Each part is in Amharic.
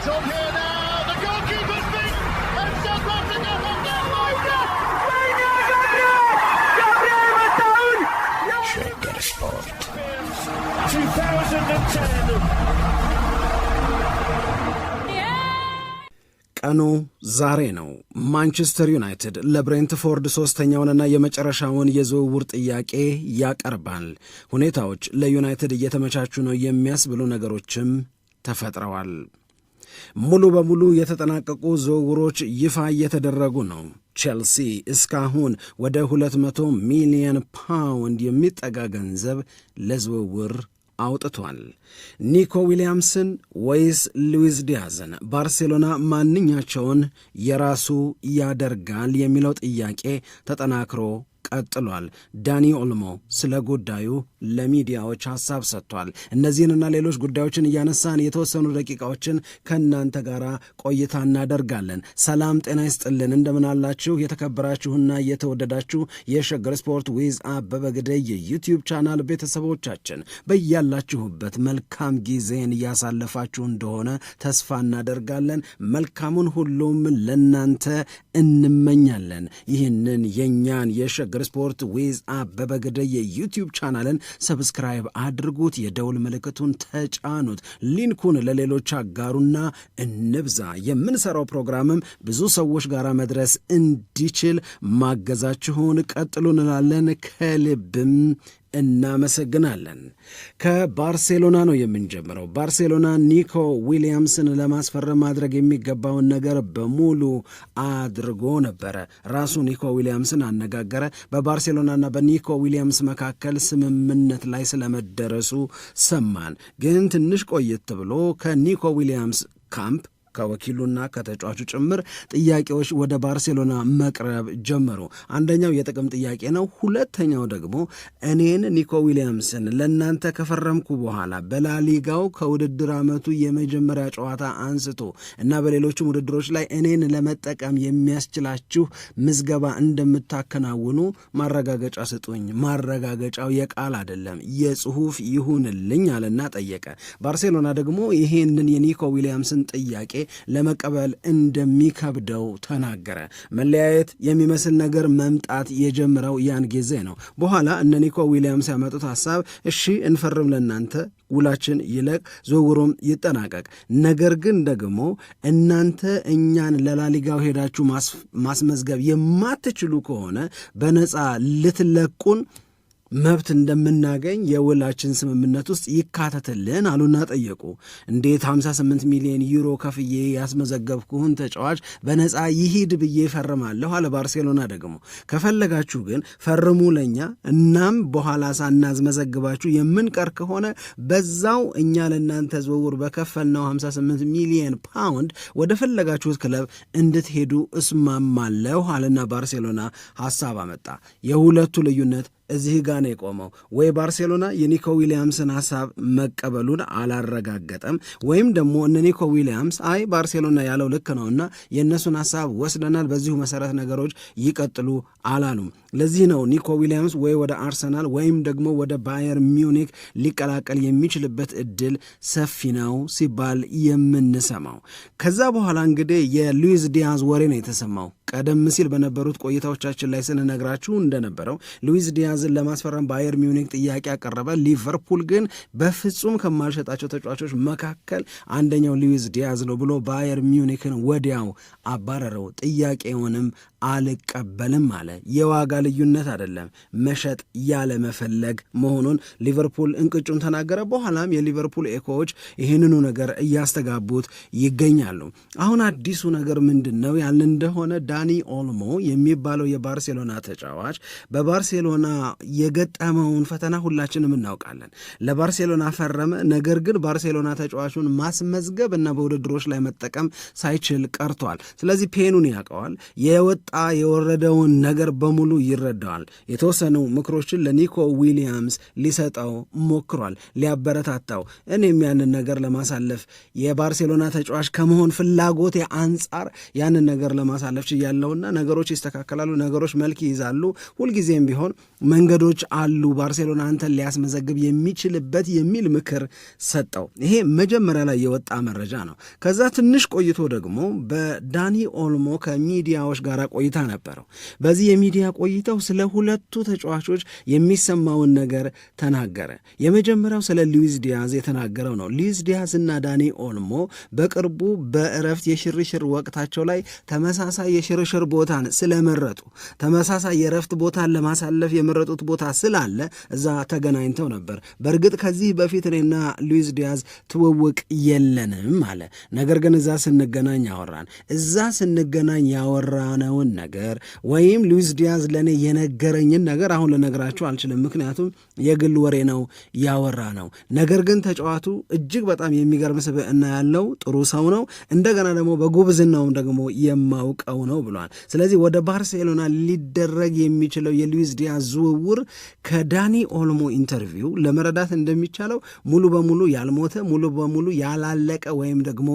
It's on here now. The goalkeeper's beaten, and South Africa have Gabriel Sport. 2010. ቀኑ ዛሬ ነው። ማንቸስተር ዩናይትድ ለብሬንትፎርድ ሦስተኛውንና የመጨረሻውን የዝውውር ጥያቄ ያቀርባል። ሁኔታዎች ለዩናይትድ እየተመቻቹ ነው የሚያስብሉ ነገሮችም ተፈጥረዋል። ሙሉ በሙሉ የተጠናቀቁ ዝውውሮች ይፋ እየተደረጉ ነው። ቼልሲ እስካሁን ወደ 200 ሚሊዮን ፓውንድ የሚጠጋ ገንዘብ ለዝውውር አውጥቷል። ኒኮ ዊሊያምስን ወይስ ሉዊስ ዲያዝን? ባርሴሎና ማንኛቸውን የራሱ ያደርጋል የሚለው ጥያቄ ተጠናክሮ ቀጥሏል። ዳኒ ኦልሞ ስለ ጉዳዩ ለሚዲያዎች ሀሳብ ሰጥቷል። እነዚህንና ሌሎች ጉዳዮችን እያነሳን የተወሰኑ ደቂቃዎችን ከእናንተ ጋር ቆይታ እናደርጋለን። ሰላም ጤና ይስጥልን፣ እንደምናላችሁ የተከበራችሁና የተወደዳችሁ የሸገር ስፖርት ዊዝ አበበ ግደይ የዩትዩብ ቻናል ቤተሰቦቻችን በያላችሁበት መልካም ጊዜን እያሳለፋችሁ እንደሆነ ተስፋ እናደርጋለን። መልካሙን ሁሉም ለናንተ እንመኛለን። ይህንን የእኛን የሸ ሸገር ስፖርት ዊዝ አበበ ገደይ የዩቲዩብ ቻናልን ሰብስክራይብ አድርጉት፣ የደውል ምልክቱን ተጫኑት፣ ሊንኩን ለሌሎች አጋሩና እንብዛ። የምንሰራው ፕሮግራምም ብዙ ሰዎች ጋር መድረስ እንዲችል ማገዛችሁን ቀጥሉ እንላለን። ከልብም እናመሰግናለን። ከባርሴሎና ነው የምንጀምረው። ባርሴሎና ኒኮ ዊሊያምስን ለማስፈረም ማድረግ የሚገባውን ነገር በሙሉ አድርጎ ነበረ። ራሱ ኒኮ ዊሊያምስን አነጋገረ። በባርሴሎናና በኒኮ ዊሊያምስ መካከል ስምምነት ላይ ስለመደረሱ ሰማን። ግን ትንሽ ቆየት ብሎ ከኒኮ ዊሊያምስ ካምፕ ከወኪሉና ከተጫዋቹ ጭምር ጥያቄዎች ወደ ባርሴሎና መቅረብ ጀመሩ። አንደኛው የጥቅም ጥያቄ ነው። ሁለተኛው ደግሞ እኔን ኒኮ ዊሊያምስን ለእናንተ ከፈረምኩ በኋላ በላሊጋው ከውድድር ዓመቱ የመጀመሪያ ጨዋታ አንስቶ እና በሌሎችም ውድድሮች ላይ እኔን ለመጠቀም የሚያስችላችሁ ምዝገባ እንደምታከናውኑ ማረጋገጫ ስጡኝ። ማረጋገጫው የቃል አይደለም የጽሁፍ ይሁንልኝ አለና ጠየቀ። ባርሴሎና ደግሞ ይሄንን የኒኮ ዊሊያምስን ጥያቄ ለመቀበል እንደሚከብደው ተናገረ። መለያየት የሚመስል ነገር መምጣት የጀመረው ያን ጊዜ ነው። በኋላ እነ ኒኮ ዊሊያምስ ያመጡት ሀሳብ እሺ እንፈርም ለእናንተ ውላችን ይለቅ ዝውውሩም ይጠናቀቅ፣ ነገር ግን ደግሞ እናንተ እኛን ለላሊጋው ሄዳችሁ ማስመዝገብ የማትችሉ ከሆነ በነፃ ልትለቁን መብት እንደምናገኝ የውላችን ስምምነት ውስጥ ይካተትልን አሉና ጠየቁ። እንዴት 58 ሚሊዮን ዩሮ ከፍዬ ያስመዘገብኩህን ተጫዋች በነፃ ይሂድ ብዬ ፈርማለሁ አለ። ባርሴሎና ደግሞ ከፈለጋችሁ ግን ፈርሙ ለእኛ እናም በኋላ ሳናስመዘግባችሁ የምንቀር ከሆነ በዛው እኛ ለእናንተ ዝውውር በከፈልነው 58 ሚሊዮን ፓውንድ ወደ ፈለጋችሁት ክለብ እንድትሄዱ እስማማለሁ አለና ባርሴሎና ሀሳብ አመጣ። የሁለቱ ልዩነት እዚህ ጋ ነው የቆመው። ወይ ባርሴሎና የኒኮ ዊሊያምስን ሀሳብ መቀበሉን አላረጋገጠም፣ ወይም ደግሞ እነ ኒኮ ዊሊያምስ አይ ባርሴሎና ያለው ልክ ነውና የእነሱን ሀሳብ ወስደናል፣ በዚሁ መሰረት ነገሮች ይቀጥሉ አላሉም። ለዚህ ነው ኒኮ ዊሊያምስ ወይ ወደ አርሰናል ወይም ደግሞ ወደ ባየር ሚውኒክ ሊቀላቀል የሚችልበት እድል ሰፊ ነው ሲባል የምንሰማው። ከዛ በኋላ እንግዲህ የሉዊዝ ዲያዝ ወሬ ነው የተሰማው። ቀደም ሲል በነበሩት ቆይታዎቻችን ላይ ስንነግራችሁ እንደነበረው ሉዊዝ ዲያዝን ለማስፈረም ባየር ሚኒክ ጥያቄ ያቀረበ፣ ሊቨርፑል ግን በፍጹም ከማልሸጣቸው ተጫዋቾች መካከል አንደኛው ሉዊዝ ዲያዝ ነው ብሎ ባየር ሚውኒክን ወዲያው አባረረው፣ ጥያቄውንም አልቀበልም አለ። የዋጋ ልዩነት አይደለም መሸጥ ያለመፈለግ መሆኑን ሊቨርፑል እንቅጩን ተናገረ። በኋላም የሊቨርፑል ኤኮዎች ይህንኑ ነገር እያስተጋቡት ይገኛሉ። አሁን አዲሱ ነገር ምንድን ነው ያልን እንደሆነ ዳኒ ኦልሞ የሚባለው የባርሴሎና ተጫዋች በባርሴሎና የገጠመውን ፈተና ሁላችንም እናውቃለን። ለባርሴሎና ፈረመ። ነገር ግን ባርሴሎና ተጫዋቹን ማስመዝገብ እና በውድድሮች ላይ መጠቀም ሳይችል ቀርቷል። ስለዚህ ፔኑን ያውቀዋል የወጣ የመጣ የወረደውን ነገር በሙሉ ይረዳዋል። የተወሰኑ ምክሮችን ለኒኮ ዊሊያምስ ሊሰጠው ሞክሯል፣ ሊያበረታታው። እኔም ያንን ነገር ለማሳለፍ የባርሴሎና ተጫዋች ከመሆን ፍላጎቴ አንጻር ያንን ነገር ለማሳለፍ ችያለሁና ነገሮች ይስተካከላሉ፣ ነገሮች መልክ ይይዛሉ። ሁልጊዜም ቢሆን መንገዶች አሉ ባርሴሎና አንተን ሊያስመዘግብ የሚችልበት የሚል ምክር ሰጠው። ይሄ መጀመሪያ ላይ የወጣ መረጃ ነው። ከዛ ትንሽ ቆይቶ ደግሞ በዳኒ ኦልሞ ከሚዲያዎች ጋር ቆይታ ነበረው። በዚህ የሚዲያ ቆይታው ስለ ሁለቱ ተጫዋቾች የሚሰማውን ነገር ተናገረ። የመጀመሪያው ስለ ሉዊዝ ዲያዝ የተናገረው ነው። ሉዊዝ ዲያዝ እና ዳኒ ኦልሞ በቅርቡ በእረፍት የሽርሽር ወቅታቸው ላይ ተመሳሳይ የሽርሽር ቦታን ስለመረጡ ተመሳሳይ የእረፍት ቦታን ለማሳለፍ የመረጡት ቦታ ስላለ እዛ ተገናኝተው ነበር። በእርግጥ ከዚህ በፊት እኔና ሉዊዝ ዲያዝ ትውውቅ የለንም አለ። ነገር ግን እዛ ስንገናኝ ያወራን እዛ ስንገናኝ ያወራነውን ነገር ወይም ሉዊስ ዲያዝ ለእኔ የነገረኝን ነገር አሁን ልነግራችሁ አልችልም፣ ምክንያቱም የግል ወሬ ነው ያወራ ነው። ነገር ግን ተጫዋቱ እጅግ በጣም የሚገርም ስብዕና ያለው ጥሩ ሰው ነው፣ እንደገና ደግሞ በጉብዝናውም ደግሞ የማውቀው ነው ብሏል። ስለዚህ ወደ ባርሴሎና ሊደረግ የሚችለው የሉዊስ ዲያዝ ዝውውር ከዳኒ ኦልሞ ኢንተርቪው ለመረዳት እንደሚቻለው ሙሉ በሙሉ ያልሞተ ሙሉ በሙሉ ያላለቀ ወይም ደግሞ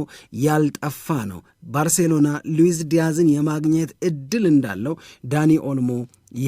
ያልጠፋ ነው። ባርሴሎና ሉዊዝ ዲያዝን የማግኘት እድል እንዳለው ዳኒ ኦልሞ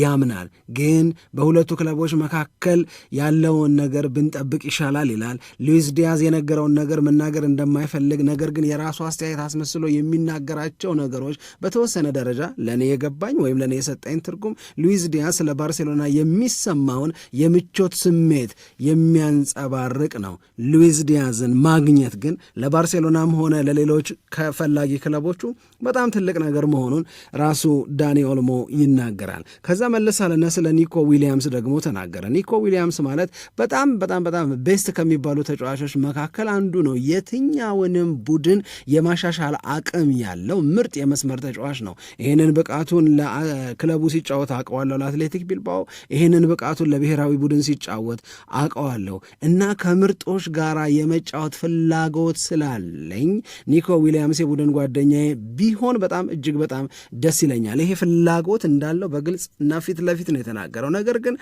ያምናል። ግን በሁለቱ ክለቦች መካከል ያለውን ነገር ብንጠብቅ ይሻላል ይላል። ሉዊስ ዲያዝ የነገረውን ነገር መናገር እንደማይፈልግ ነገር ግን የራሱ አስተያየት አስመስሎ የሚናገራቸው ነገሮች በተወሰነ ደረጃ ለእኔ የገባኝ ወይም ለእኔ የሰጠኝ ትርጉም ሉዊስ ዲያዝ ስለ ባርሴሎና የሚሰማውን የምቾት ስሜት የሚያንጸባርቅ ነው። ሉዊስ ዲያዝን ማግኘት ግን ለባርሴሎናም ሆነ ለሌሎች ከፈላጊ ክለቦቹ በጣም ትልቅ ነገር መሆኑን ራሱ ዳኒ ኦልሞ ይናገራል። ከዛ መለስ አለና ስለ ኒኮ ዊሊያምስ ደግሞ ተናገረ። ኒኮ ዊሊያምስ ማለት በጣም በጣም በጣም ቤስት ከሚባሉ ተጫዋቾች መካከል አንዱ ነው። የትኛውንም ቡድን የማሻሻል አቅም ያለው ምርጥ የመስመር ተጫዋች ነው። ይህንን ብቃቱን ለክለቡ ሲጫወት አውቀዋለሁ፣ ለአትሌቲክ ቢልባኦ ይህንን ብቃቱን ለብሔራዊ ቡድን ሲጫወት አውቀዋለሁ እና ከምርጦች ጋር የመጫወት ፍላጎት ስላለኝ ኒኮ ዊሊያምስ የቡድን ጓደኛዬ ቢሆን በጣም እጅግ በጣም ደስ ይለኛል። ይሄ ፍላጎት እንዳለው በግልጽ እና ፊት ለፊት ነው የተናገረው። ነገር ግን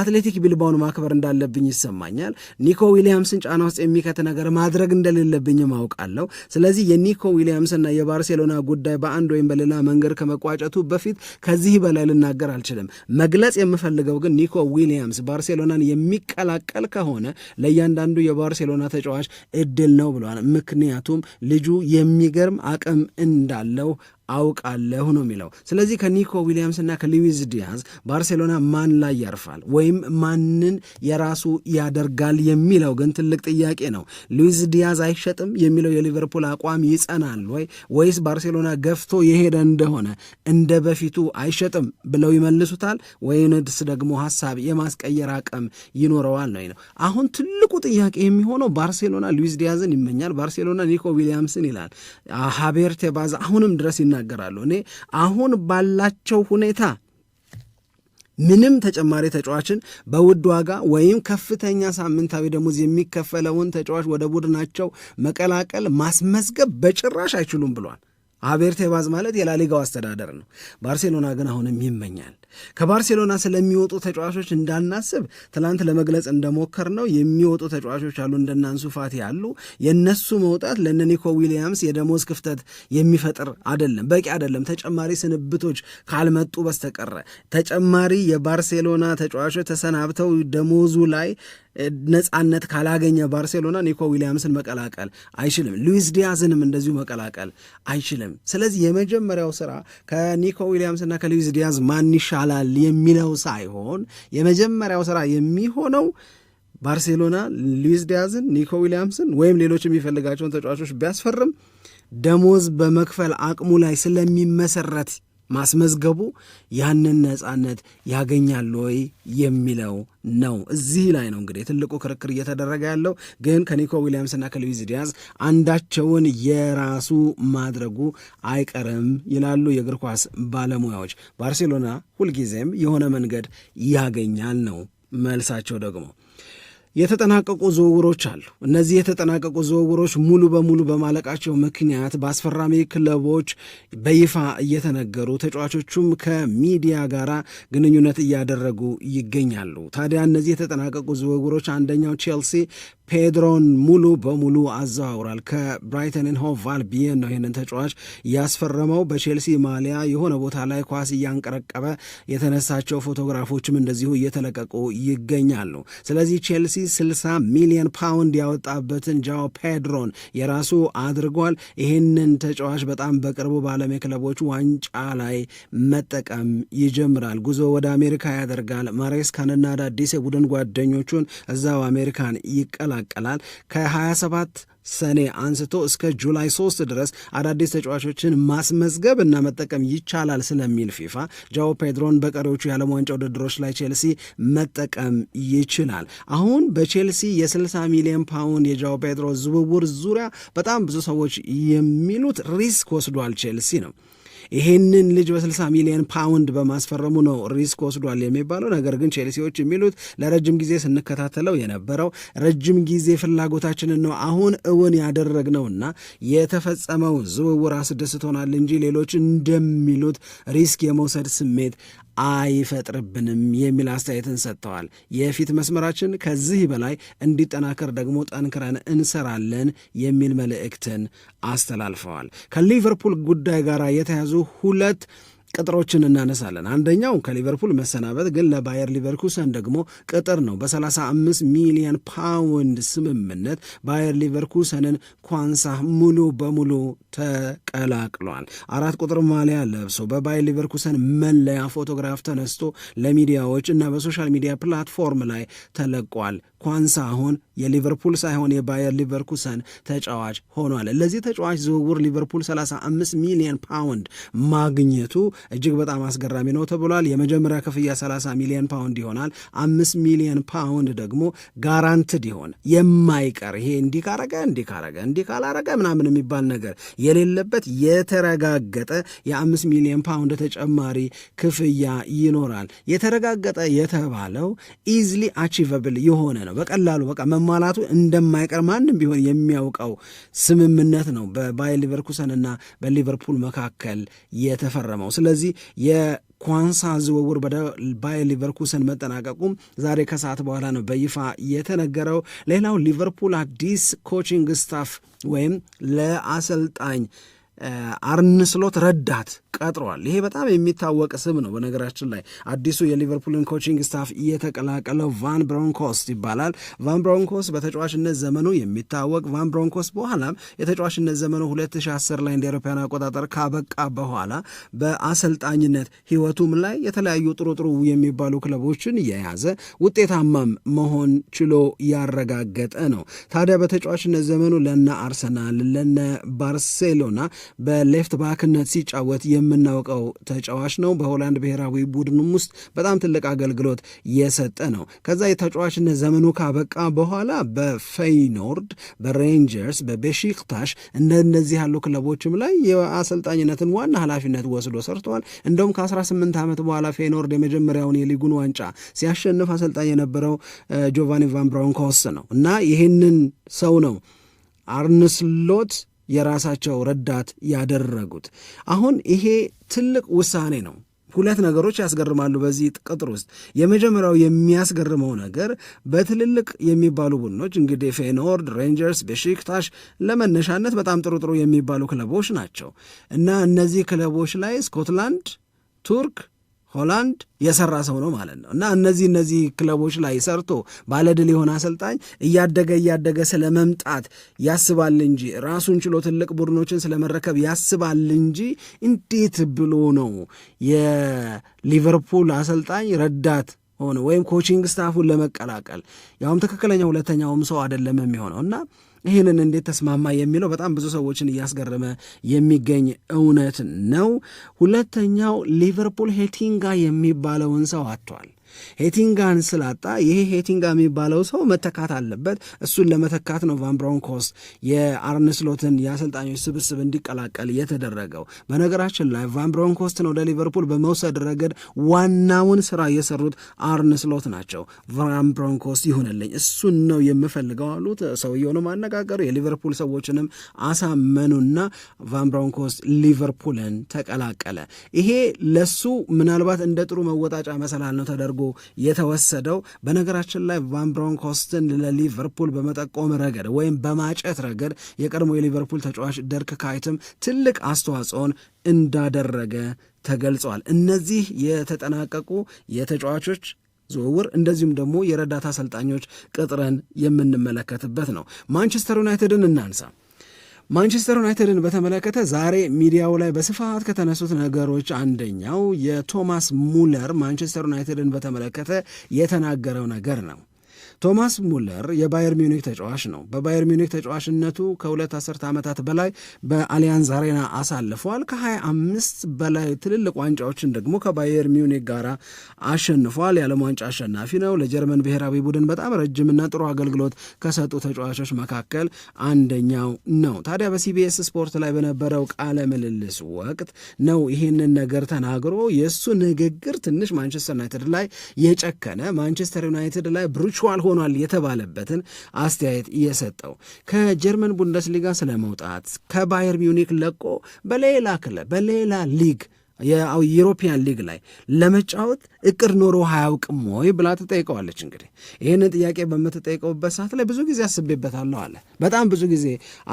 አትሌቲክ ቢልባውን ማክበር እንዳለብኝ ይሰማኛል። ኒኮ ዊሊያምስን ጫና ውስጥ የሚከት ነገር ማድረግ እንደሌለብኝ ማውቃለሁ። ስለዚህ የኒኮ ዊሊያምስና የባርሴሎና ጉዳይ በአንድ ወይም በሌላ መንገድ ከመቋጨቱ በፊት ከዚህ በላይ ልናገር አልችልም። መግለጽ የምፈልገው ግን ኒኮ ዊሊያምስ ባርሴሎናን የሚቀላቀል ከሆነ ለእያንዳንዱ የባርሴሎና ተጫዋች እድል ነው ብለዋል። ምክንያቱም ልጁ የሚገርም አቅም እንዳለው አውቃለሁ ነው የሚለው። ስለዚህ ከኒኮ ዊሊያምስ እና ከሉዊዝ ዲያዝ ባርሴሎና ማን ላይ ያርፋል ወይም ማንን የራሱ ያደርጋል የሚለው ግን ትልቅ ጥያቄ ነው። ሉዊዝ ዲያዝ አይሸጥም የሚለው የሊቨርፑል አቋም ይጸናል ወይ ወይስ ባርሴሎና ገፍቶ የሄደ እንደሆነ እንደ በፊቱ አይሸጥም ብለው ይመልሱታል ወይንስ ደግሞ ሀሳብ የማስቀየር አቅም ይኖረዋል ነው ነው። አሁን ትልቁ ጥያቄ የሚሆነው ባርሴሎና ሉዊዝ ዲያዝን ይመኛል፣ ባርሴሎና ኒኮ ዊሊያምስን ይላል። ሀቤር ቴባዝ አሁንም ድረስ ይና እናገራለሁ። እኔ አሁን ባላቸው ሁኔታ ምንም ተጨማሪ ተጫዋችን በውድ ዋጋ ወይም ከፍተኛ ሳምንታዊ ደሞዝ የሚከፈለውን ተጫዋች ወደ ቡድናቸው መቀላቀል ማስመዝገብ በጭራሽ አይችሉም ብሏል። አቤር ቴባዝ ማለት የላሊጋው አስተዳደር ነው። ባርሴሎና ግን አሁንም ይመኛል። ከባርሴሎና ስለሚወጡ ተጫዋቾች እንዳናስብ ትናንት ለመግለጽ እንደሞከር ነው የሚወጡ ተጫዋቾች አሉ፣ እንደናንሱ አንሱ ፋቲ ያሉ። የነሱ መውጣት ለነ ኒኮ ዊሊያምስ የደሞዝ ክፍተት የሚፈጥር አይደለም፣ በቂ አይደለም። ተጨማሪ ስንብቶች ካልመጡ በስተቀረ ተጨማሪ የባርሴሎና ተጫዋቾች ተሰናብተው ደሞዙ ላይ ነጻነት ካላገኘ ባርሴሎና ኒኮ ዊሊያምስን መቀላቀል አይችልም። ሉዊስ ዲያዝንም እንደዚሁ መቀላቀል አይችልም። አይደለም። ስለዚህ የመጀመሪያው ስራ ከኒኮ ዊሊያምስ እና ከሉዊዝ ዲያዝ ማን ይሻላል የሚለው ሳይሆን የመጀመሪያው ስራ የሚሆነው ባርሴሎና ሉዊዝ ዲያዝን፣ ኒኮ ዊሊያምስን ወይም ሌሎች የሚፈልጋቸውን ተጫዋቾች ቢያስፈርም ደሞዝ በመክፈል አቅሙ ላይ ስለሚመሰረት ማስመዝገቡ ያንን ነጻነት ያገኛሉ ወይ የሚለው ነው። እዚህ ላይ ነው እንግዲህ ትልቁ ክርክር እየተደረገ ያለው። ግን ከኒኮ ዊሊያምስና ከሉዊዝ ዲያዝ አንዳቸውን የራሱ ማድረጉ አይቀርም ይላሉ የእግር ኳስ ባለሙያዎች። ባርሴሎና ሁልጊዜም የሆነ መንገድ ያገኛል ነው መልሳቸው ደግሞ የተጠናቀቁ ዝውውሮች አሉ። እነዚህ የተጠናቀቁ ዝውውሮች ሙሉ በሙሉ በማለቃቸው ምክንያት በአስፈራሚ ክለቦች በይፋ እየተነገሩ ተጫዋቾቹም ከሚዲያ ጋር ግንኙነት እያደረጉ ይገኛሉ። ታዲያ እነዚህ የተጠናቀቁ ዝውውሮች አንደኛው ቼልሲ ፔድሮን ሙሉ በሙሉ አዘዋውሯል። ከብራይተንን ሆቭ አልቢየን ነው ይህንን ተጫዋች ያስፈረመው። በቼልሲ ማሊያ የሆነ ቦታ ላይ ኳስ እያንቀረቀበ የተነሳቸው ፎቶግራፎችም እንደዚሁ እየተለቀቁ ይገኛሉ። ስለዚህ ቼልሲ 60 ሚሊዮን ፓውንድ ያወጣበትን ጃዋ ፔድሮን የራሱ አድርጓል። ይህንን ተጫዋች በጣም በቅርቡ በዓለም የክለቦች ዋንጫ ላይ መጠቀም ይጀምራል። ጉዞ ወደ አሜሪካ ያደርጋል። ማሬስካንና አዳዲስ የቡድን ጓደኞቹን እዛው አሜሪካን ይቀላል ይቀላቀላል። ከ27 ሰኔ አንስቶ እስከ ጁላይ 3 ድረስ አዳዲስ ተጫዋቾችን ማስመዝገብ እና መጠቀም ይቻላል ስለሚል ፊፋ ጃኦ ፔድሮን በቀሪዎቹ የዓለም ዋንጫ ውድድሮች ላይ ቼልሲ መጠቀም ይችላል። አሁን በቼልሲ የ60 ሚሊዮን ፓውንድ የጃኦ ፔድሮ ዝውውር ዙሪያ በጣም ብዙ ሰዎች የሚሉት ሪስክ ወስዷል ቼልሲ ነው። ይሄንን ልጅ በ60 ሚሊዮን ፓውንድ በማስፈረሙ ነው ሪስክ ወስዷል የሚባለው። ነገር ግን ቼልሲዎች የሚሉት ለረጅም ጊዜ ስንከታተለው የነበረው ረጅም ጊዜ ፍላጎታችንን ነው አሁን እውን ያደረግነውና የተፈጸመው ዝውውር አስደስቶናል እንጂ ሌሎች እንደሚሉት ሪስክ የመውሰድ ስሜት አይፈጥርብንም የሚል አስተያየትን ሰጥተዋል። የፊት መስመራችን ከዚህ በላይ እንዲጠናከር ደግሞ ጠንክረን እንሰራለን የሚል መልእክትን አስተላልፈዋል። ከሊቨርፑል ጉዳይ ጋር የተያዙ ሁለት ቅጥሮችን እናነሳለን። አንደኛው ከሊቨርፑል መሰናበት ግን ለባየር ሊቨርኩሰን ደግሞ ቅጥር ነው። በ35 ሚሊዮን ፓውንድ ስምምነት ባየር ሊቨርኩሰንን ኳንሳ ሙሉ በሙሉ ተቀላቅሏል። አራት ቁጥር ማሊያ ለብሶ በባየር ሊቨርኩሰን መለያ ፎቶግራፍ ተነስቶ ለሚዲያዎች እና በሶሻል ሚዲያ ፕላትፎርም ላይ ተለቋል። ኳንሳ አሁን የሊቨርፑል ሳይሆን የባየር ሊቨርኩሰን ተጫዋች ሆኗል። ለዚህ ተጫዋች ዝውውር ሊቨርፑል 35 ሚሊዮን ፓውንድ ማግኘቱ እጅግ በጣም አስገራሚ ነው ተብሏል። የመጀመሪያ ክፍያ 30 ሚሊዮን ፓውንድ ይሆናል። አምስት ሚሊዮን ፓውንድ ደግሞ ጋራንትድ ይሆን የማይቀር ይሄ እንዲህ ካረገ እንዲህ ካረገ እንዲህ ካላረገ ምናምን የሚባል ነገር የሌለበት የተረጋገጠ የአምስት ሚሊዮን ፓውንድ ተጨማሪ ክፍያ ይኖራል። የተረጋገጠ የተባለው ኢዝሊ አቺቨብል የሆነ ነው። በቀላሉ በቃ መሟላቱ እንደማይቀር ማንም ቢሆን የሚያውቀው ስምምነት ነው በባየር ሊቨርኩሰንና በሊቨርፑል መካከል የተፈረመው። ስለዚህ ኳንሳ ዝውውር ወደ ባየር ሊቨርኩሰን መጠናቀቁም ዛሬ ከሰዓት በኋላ ነው በይፋ የተነገረው። ሌላው ሊቨርፑል አዲስ ኮችንግ ስታፍ ወይም ለአሰልጣኝ አርንስሎት ረዳት ቀጥሯል። ይሄ በጣም የሚታወቅ ስም ነው። በነገራችን ላይ አዲሱ የሊቨርፑልን ኮችንግ ስታፍ እየተቀላቀለው ቫን ብሮንኮስ ይባላል። ቫን ብሮንኮስ በተጫዋችነት ዘመኑ የሚታወቅ ቫን ብሮንኮስ በኋላም የተጫዋችነት ዘመኑ 2010 ላይ እንደ አውሮፓውያን አቆጣጠር ካበቃ በኋላ በአሰልጣኝነት ህይወቱም ላይ የተለያዩ ጥሩ ጥሩ የሚባሉ ክለቦችን የያዘ ውጤታማም መሆን ችሎ ያረጋገጠ ነው። ታዲያ በተጫዋችነት ዘመኑ ለነ አርሰናል ለነ ባርሴሎና በሌፍት ባክነት ሲጫወት የምናውቀው ተጫዋች ነው። በሆላንድ ብሔራዊ ቡድንም ውስጥ በጣም ትልቅ አገልግሎት የሰጠ ነው። ከዛ የተጫዋችነት ዘመኑ ካበቃ በኋላ በፌይኖርድ፣ በሬንጀርስ፣ በቤሺክታሽ እንደነዚህ ያሉ ክለቦችም ላይ የአሰልጣኝነትን ዋና ኃላፊነት ወስዶ ሰርተዋል። እንደውም ከ18 ዓመት በኋላ ፌይኖርድ የመጀመሪያውን የሊጉን ዋንጫ ሲያሸንፍ አሰልጣኝ የነበረው ጆቫኒ ቫን ብራውንኮስ ነው እና ይህንን ሰው ነው አርንስሎት የራሳቸው ረዳት ያደረጉት። አሁን ይሄ ትልቅ ውሳኔ ነው። ሁለት ነገሮች ያስገርማሉ በዚህ ቅጥር ውስጥ። የመጀመሪያው የሚያስገርመው ነገር በትልልቅ የሚባሉ ቡድኖች እንግዲህ ፌኖርድ፣ ሬንጀርስ፣ ቤሺክታሽ ለመነሻነት በጣም ጥሩ ጥሩ የሚባሉ ክለቦች ናቸው እና እነዚህ ክለቦች ላይ ስኮትላንድ፣ ቱርክ ሆላንድ የሰራ ሰው ነው ማለት ነው። እና እነዚህ እነዚህ ክለቦች ላይ ሰርቶ ባለድል የሆነ አሰልጣኝ እያደገ እያደገ ስለ መምጣት ያስባል እንጂ ራሱን ችሎ ትልቅ ቡድኖችን ስለመረከብ ያስባል እንጂ እንዴት ብሎ ነው የሊቨርፑል አሰልጣኝ ረዳት ሆነ ወይም ኮቺንግ ስታፉን ለመቀላቀል ያውም ትክክለኛ ሁለተኛውም ሰው አይደለም የሚሆነው እና ይህንን እንዴት ተስማማ የሚለው በጣም ብዙ ሰዎችን እያስገረመ የሚገኝ እውነት ነው። ሁለተኛው ሊቨርፑል ሄቲንጋ የሚባለውን ሰው አጥቷል። ሄቲንጋን ስላጣ ይሄ ሄቲንጋ የሚባለው ሰው መተካት አለበት። እሱን ለመተካት ነው ቫን ብሮንኮስ የአርንስሎትን የአሰልጣኞች ስብስብ እንዲቀላቀል የተደረገው። በነገራችን ላይ ቫን ብሮንኮስትን ወደ ሊቨርፑል በመውሰድ ረገድ ዋናውን ስራ የሰሩት አርንስሎት ናቸው። ቫን ብሮንኮስ ይሁንልኝ፣ እሱን ነው የምፈልገው አሉት። ሰውየውንም አነጋገሩ፣ የሊቨርፑል ሰዎችንም አሳመኑና ቫን ብሮንኮስ ሊቨርፑልን ተቀላቀለ። ይሄ ለሱ ምናልባት እንደ ጥሩ መወጣጫ መሰላል ነው ተደርጎ የተወሰደው። በነገራችን ላይ ቫን ብሮንኮስትን ለሊቨርፑል በመጠቆም ረገድ ወይም በማጨት ረገድ የቀድሞ የሊቨርፑል ተጫዋች ደርክ ካይትም ትልቅ አስተዋጽኦን እንዳደረገ ተገልጿል። እነዚህ የተጠናቀቁ የተጫዋቾች ዝውውር እንደዚሁም ደግሞ የረዳት አሰልጣኞች ቅጥረን የምንመለከትበት ነው። ማንቸስተር ዩናይትድን እናንሳ። ማንቸስተር ዩናይትድን በተመለከተ ዛሬ ሚዲያው ላይ በስፋት ከተነሱት ነገሮች አንደኛው የቶማስ ሙለር ማንቸስተር ዩናይትድን በተመለከተ የተናገረው ነገር ነው። ቶማስ ሙለር የባየር ሚኒክ ተጫዋች ነው። በባየር ሚኒክ ተጫዋችነቱ ከሁለት አስርተ ዓመታት በላይ በአሊያንዝ አሬና አሳልፏል። ከ25 በላይ ትልልቅ ዋንጫዎችን ደግሞ ከባየር ሚኒክ ጋር አሸንፏል። የዓለም ዋንጫ አሸናፊ ነው። ለጀርመን ብሔራዊ ቡድን በጣም ረጅምና ጥሩ አገልግሎት ከሰጡ ተጫዋቾች መካከል አንደኛው ነው። ታዲያ በሲቢኤስ ስፖርት ላይ በነበረው ቃለ ምልልስ ወቅት ነው ይህንን ነገር ተናግሮ የእሱ ንግግር ትንሽ ማንቸስተር ዩናይትድ ላይ የጨከነ ማንቸስተር ዩናይትድ ላይ ብሩችዋል ሆኗል የተባለበትን አስተያየት እየሰጠው ከጀርመን ቡንደስሊጋ ስለ መውጣት ከባየር ሚውኒክ ለቆ በሌላ ክለብ በሌላ ሊግ የዩሮፒያን ሊግ ላይ ለመጫወት እቅድ ኖሮ አያውቅም ወይ ብላ ትጠይቀዋለች። እንግዲህ ይህንን ጥያቄ በምትጠይቀውበት ሰዓት ላይ ብዙ ጊዜ አስቤበታለሁ አለ። በጣም ብዙ ጊዜ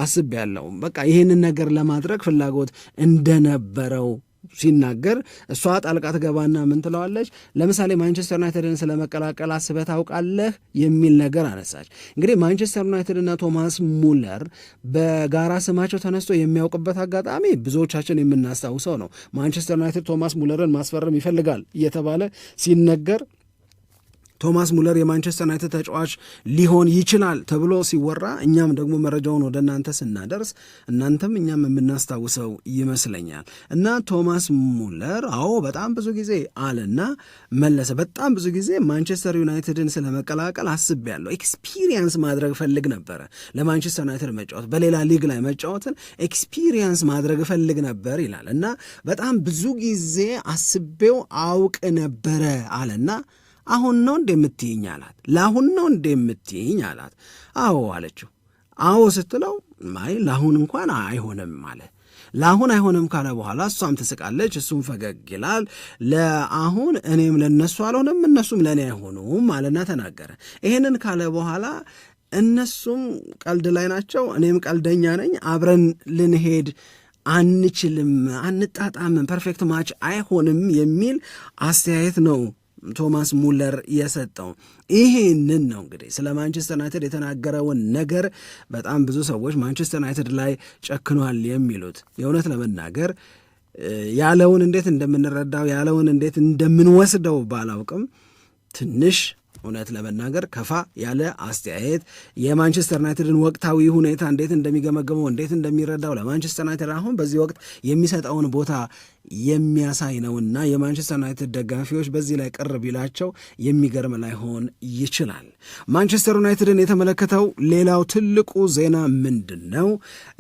አስቤያለሁ። በቃ ይህንን ነገር ለማድረግ ፍላጎት እንደነበረው ሲናገር እሷ ጣልቃ ትገባና ምን ትለዋለች? ለምሳሌ ማንቸስተር ዩናይትድን ስለመቀላቀል አስበህ ታውቃለህ የሚል ነገር አነሳች። እንግዲህ ማንቸስተር ዩናይትድና ቶማስ ሙለር በጋራ ስማቸው ተነስቶ የሚያውቅበት አጋጣሚ ብዙዎቻችን የምናስታውሰው ነው። ማንቸስተር ዩናይትድ ቶማስ ሙለርን ማስፈረም ይፈልጋል እየተባለ ሲነገር ቶማስ ሙለር የማንቸስተር ዩናይትድ ተጫዋች ሊሆን ይችላል ተብሎ ሲወራ እኛም ደግሞ መረጃውን ወደ እናንተ ስናደርስ እናንተም እኛም የምናስታውሰው ይመስለኛል እና ቶማስ ሙለር አዎ በጣም ብዙ ጊዜ አለና መለሰ በጣም ብዙ ጊዜ ማንቸስተር ዩናይትድን ስለመቀላቀል አስቤያለሁ ኤክስፒሪየንስ ማድረግ ፈልግ ነበረ ለማንቸስተር ዩናይትድ መጫወት በሌላ ሊግ ላይ መጫወትን ኤክስፒሪየንስ ማድረግ ፈልግ ነበር ይላል እና በጣም ብዙ ጊዜ አስቤው አውቅ ነበረ አለና አሁን ነው እንዴ የምትይኝ አላት። ለአሁን ነው እንዴ የምትይኝ አላት። አዎ አለችው። አዎ ስትለው ማይ ለአሁን እንኳን አይሆንም አለ። ለአሁን አይሆንም ካለ በኋላ እሷም ትስቃለች፣ እሱም ፈገግ ይላል። ለአሁን እኔም ለእነሱ አልሆንም እነሱም ለእኔ አይሆኑም አለና ተናገረ። ይህንን ካለ በኋላ እነሱም ቀልድ ላይ ናቸው፣ እኔም ቀልደኛ ነኝ፣ አብረን ልንሄድ አንችልም፣ አንጣጣምም፣ ፐርፌክት ማች አይሆንም የሚል አስተያየት ነው ቶማስ ሙለር የሰጠው ይሄንን ነው። እንግዲህ ስለ ማንቸስተር ዩናይትድ የተናገረውን ነገር በጣም ብዙ ሰዎች ማንቸስተር ዩናይትድ ላይ ጨክኗል የሚሉት የእውነት ለመናገር ያለውን እንዴት እንደምንረዳው ያለውን እንዴት እንደምንወስደው ባላውቅም ትንሽ እውነት ለመናገር ከፋ ያለ አስተያየት የማንቸስተር ዩናይትድን ወቅታዊ ሁኔታ እንዴት እንደሚገመገመው እንዴት እንደሚረዳው ለማንቸስተር ዩናይትድ አሁን በዚህ ወቅት የሚሰጠውን ቦታ የሚያሳይ ነውና የማንቸስተር ዩናይትድ ደጋፊዎች በዚህ ላይ ቅር ቢላቸው የሚገርም ላይሆን ይችላል። ማንቸስተር ዩናይትድን የተመለከተው ሌላው ትልቁ ዜና ምንድን ነው?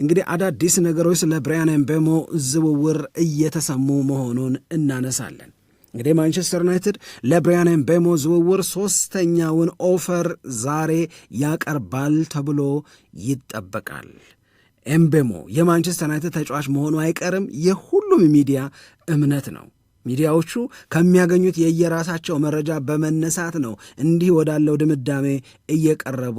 እንግዲህ አዳዲስ ነገሮች ስለ ብሪያን ምቤሞ ዝውውር እየተሰሙ መሆኑን እናነሳለን። እንግዲህ ማንቸስተር ዩናይትድ ለብሪያን ምቤሞ ዝውውር ሶስተኛውን ኦፈር ዛሬ ያቀርባል ተብሎ ይጠበቃል። ኤምቤሞ የማንቸስተር ዩናይትድ ተጫዋች መሆኑ አይቀርም፣ የሁሉም ሚዲያ እምነት ነው። ሚዲያዎቹ ከሚያገኙት የየራሳቸው መረጃ በመነሳት ነው እንዲህ ወዳለው ድምዳሜ እየቀረቡ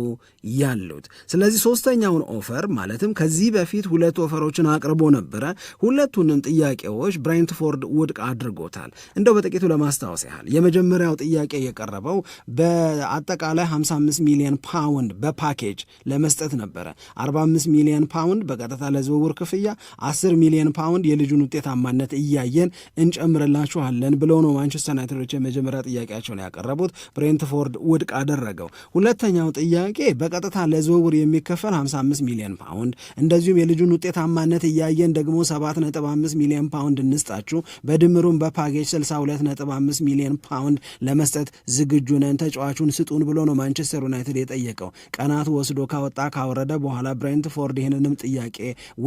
ያሉት። ስለዚህ ሶስተኛውን ኦፈር ማለትም ከዚህ በፊት ሁለት ኦፈሮችን አቅርቦ ነበረ። ሁለቱንም ጥያቄዎች ብራንትፎርድ ውድቅ አድርጎታል። እንደው በጥቂቱ ለማስታወስ ያህል የመጀመሪያው ጥያቄ የቀረበው በአጠቃላይ 55 ሚሊዮን ፓውንድ በፓኬጅ ለመስጠት ነበረ። 45 ሚሊዮን ፓውንድ በቀጥታ ለዝውውር ክፍያ፣ 10 ሚሊዮን ፓውንድ የልጁን ውጤታማነት እያየን እንጨምርላ እንላችኋለን ብለው ነው ማንቸስተር ዩናይትዶች የመጀመሪያ ጥያቄያቸውን ያቀረቡት። ብሬንትፎርድ ውድቅ አደረገው። ሁለተኛው ጥያቄ በቀጥታ ለዝውውር የሚከፈል 55 ሚሊዮን ፓውንድ እንደዚሁም የልጁን ውጤታማነት እያየን ደግሞ 7.5 ሚሊዮን ፓውንድ እንስጣችሁ፣ በድምሩም በፓኬጅ 62.5 ሚሊዮን ፓውንድ ለመስጠት ዝግጁ ነን፣ ተጫዋቹን ስጡን ብሎ ነው ማንቸስተር ዩናይትድ የጠየቀው። ቀናቱ ወስዶ ካወጣ ካወረደ በኋላ ብሬንትፎርድ ይህንንም ጥያቄ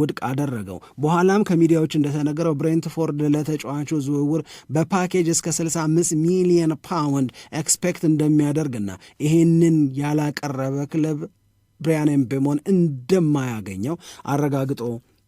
ውድቅ አደረገው። በኋላም ከሚዲያዎች እንደተነገረው ብሬንትፎርድ ለተጫዋቹ ዝውውር በፓኬጅ እስከ 65 ሚሊየን ፓውንድ ኤክስፔክት እንደሚያደርግና ይህንን ያላቀረበ ክለብ ብሪያን ኤምቤሞን እንደማያገኘው አረጋግጦ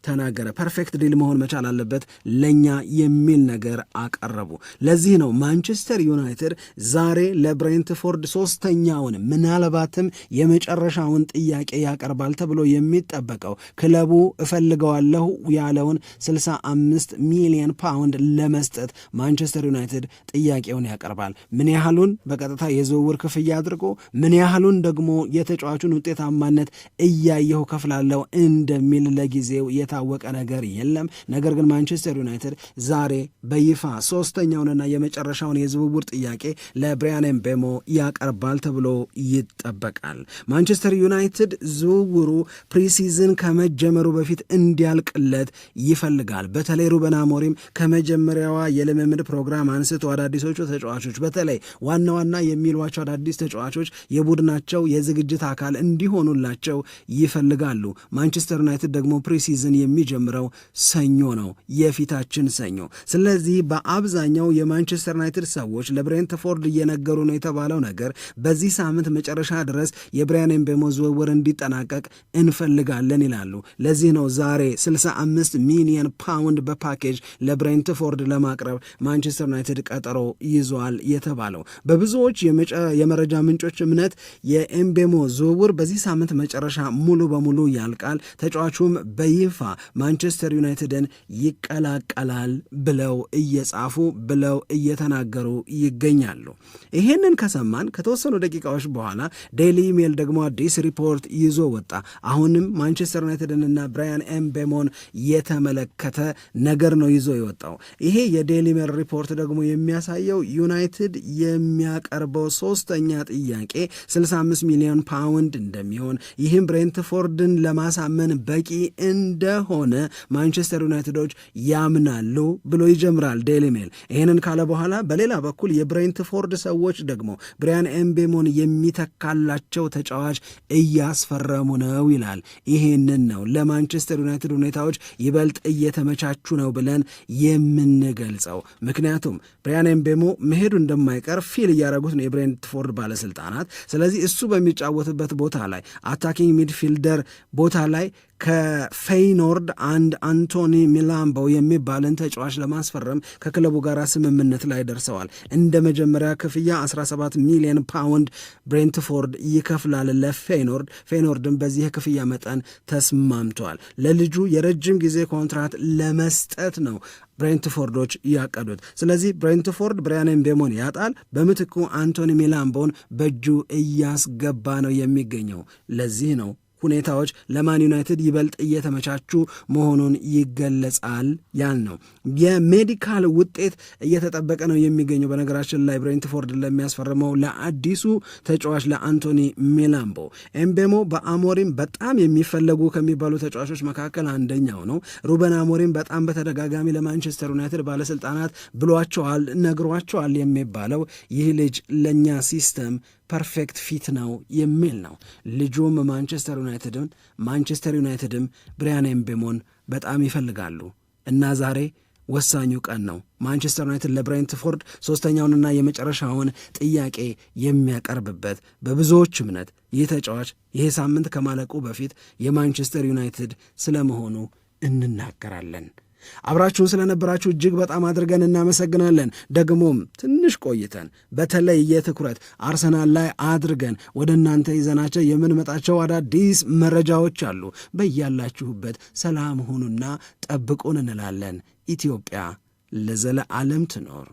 ተናገረ። ፐርፌክት ዲል መሆን መቻል አለበት ለእኛ የሚል ነገር አቀረቡ። ለዚህ ነው ማንቸስተር ዩናይትድ ዛሬ ለብሬንትፎርድ ሶስተኛውን ምናልባትም የመጨረሻውን ጥያቄ ያቀርባል ተብሎ የሚጠበቀው ክለቡ እፈልገዋለሁ ያለውን 65 ሚሊዮን ፓውንድ ለመስጠት ማንቸስተር ዩናይትድ ጥያቄውን ያቀርባል። ምን ያህሉን በቀጥታ የዝውውር ክፍያ አድርጎ ምን ያህሉን ደግሞ የተጫዋቹን ውጤታማነት እያየሁ ከፍላለው እንደሚል ለጊዜው የታ የታወቀ ነገር የለም። ነገር ግን ማንቸስተር ዩናይትድ ዛሬ በይፋ ሶስተኛውንና የመጨረሻውን የዝውውር ጥያቄ ለብሪያን ኤምቤሞ ያቀርባል ተብሎ ይጠበቃል። ማንቸስተር ዩናይትድ ዝውውሩ ፕሪሲዝን ከመጀመሩ በፊት እንዲያልቅለት ይፈልጋል። በተለይ ሩበን አሞሪም ከመጀመሪያዋ የልምምድ ፕሮግራም አንስቶ አዳዲሶቹ ተጫዋቾች በተለይ ዋና ዋና የሚሏቸው አዳዲስ ተጫዋቾች የቡድናቸው የዝግጅት አካል እንዲሆኑላቸው ይፈልጋሉ። ማንቸስተር ዩናይትድ ደግሞ ፕሪሲዝን የሚጀምረው ሰኞ ነው፣ የፊታችን ሰኞ። ስለዚህ በአብዛኛው የማንቸስተር ዩናይትድ ሰዎች ለብሬንትፎርድ እየነገሩ ነው የተባለው ነገር በዚህ ሳምንት መጨረሻ ድረስ የብሪያን ኤምቤሞ ዝውውር እንዲጠናቀቅ እንፈልጋለን ይላሉ። ለዚህ ነው ዛሬ 65 ሚሊየን ፓውንድ በፓኬጅ ለብሬንትፎርድ ለማቅረብ ማንቸስተር ዩናይትድ ቀጠሮ ይዟል የተባለው። በብዙዎች የመረጃ ምንጮች እምነት የኤምቤሞ ዝውውር በዚህ ሳምንት መጨረሻ ሙሉ በሙሉ ያልቃል። ተጫዋቹም በይፋ ማንቸስተር ዩናይትድን ይቀላቀላል ብለው እየጻፉ ብለው እየተናገሩ ይገኛሉ። ይሄንን ከሰማን ከተወሰኑ ደቂቃዎች በኋላ ዴይሊ ሜል ደግሞ አዲስ ሪፖርት ይዞ ወጣ። አሁንም ማንቸስተር ዩናይትድንና ብራያን ኤምቤሞን የተመለከተ ነገር ነው ይዞ የወጣው። ይሄ የዴይሊ ሜል ሪፖርት ደግሞ የሚያሳየው ዩናይትድ የሚያቀርበው ሶስተኛ ጥያቄ 65 ሚሊዮን ፓውንድ እንደሚሆን ይህም ብሬንትፎርድን ለማሳመን በቂ እንደ እንደሆነ ማንቸስተር ዩናይትዶች ያምናሉ ብሎ ይጀምራል ዴይሊ ሜል። ይህንን ካለ በኋላ በሌላ በኩል የብሬንትፎርድ ሰዎች ደግሞ ብሪያን ኤምቤሞን የሚተካላቸው ተጫዋች እያስፈረሙ ነው ይላል። ይህንን ነው ለማንቸስተር ዩናይትድ ሁኔታዎች ይበልጥ እየተመቻቹ ነው ብለን የምንገልጸው። ምክንያቱም ብሪያን ኤምቤሞ መሄዱ እንደማይቀር ፊል እያደረጉት ነው የብሬንትፎርድ ባለስልጣናት። ስለዚህ እሱ በሚጫወትበት ቦታ ላይ አታኪንግ ሚድፊልደር ቦታ ላይ ከፌይኖርድ አንድ አንቶኒ ሚላምቦ የሚባልን ተጫዋች ለማስፈረም ከክለቡ ጋር ስምምነት ላይ ደርሰዋል። እንደ መጀመሪያ ክፍያ 17 ሚሊዮን ፓውንድ ብሬንትፎርድ ይከፍላል ለፌይኖርድ። ፌይኖርድም በዚህ ክፍያ መጠን ተስማምተዋል። ለልጁ የረጅም ጊዜ ኮንትራት ለመስጠት ነው ብሬንትፎርዶች ያቀዱት። ስለዚህ ብሬንትፎርድ ብሪያን ምቤሞን ያጣል፣ በምትኩ አንቶኒ ሚላምቦን በእጁ እያስገባ ነው የሚገኘው። ለዚህ ነው ሁኔታዎች ለማን ዩናይትድ ይበልጥ እየተመቻቹ መሆኑን ይገለጻል። ያል ነው የሜዲካል ውጤት እየተጠበቀ ነው የሚገኘው። በነገራችን ላይ ብሬንትፎርድ ለሚያስፈርመው ለአዲሱ ተጫዋች ለአንቶኒ ሚላምቦ ኤምቤሞ በአሞሪም በጣም የሚፈለጉ ከሚባሉ ተጫዋቾች መካከል አንደኛው ነው። ሩበን አሞሪም በጣም በተደጋጋሚ ለማንቸስተር ዩናይትድ ባለስልጣናት ብሏቸዋል፣ ነግሯቸዋል የሚባለው ይህ ልጅ ለእኛ ሲስተም ፐርፌክት ፊት ነው የሚል ነው። ልጁም ማንቸስተር ዩናይትድን ማንቸስተር ዩናይትድም ብሪያን ኤምቤሞን በጣም ይፈልጋሉ እና ዛሬ ወሳኙ ቀን ነው። ማንቸስተር ዩናይትድ ለብሬንትፎርድ ሦስተኛውንና የመጨረሻውን ጥያቄ የሚያቀርብበት በብዙዎች እምነት ይህ ተጫዋች ይሄ ሳምንት ከማለቁ በፊት የማንቸስተር ዩናይትድ ስለመሆኑ እንናገራለን። አብራችሁን ስለነበራችሁ እጅግ በጣም አድርገን እናመሰግናለን። ደግሞም ትንሽ ቆይተን በተለይ የትኩረት አርሰናል ላይ አድርገን ወደ እናንተ ይዘናቸው የምንመጣቸው አዳዲስ መረጃዎች አሉ። በያላችሁበት ሰላም ሁኑና ጠብቁን እንላለን። ኢትዮጵያ ለዘለዓለም ትኖር።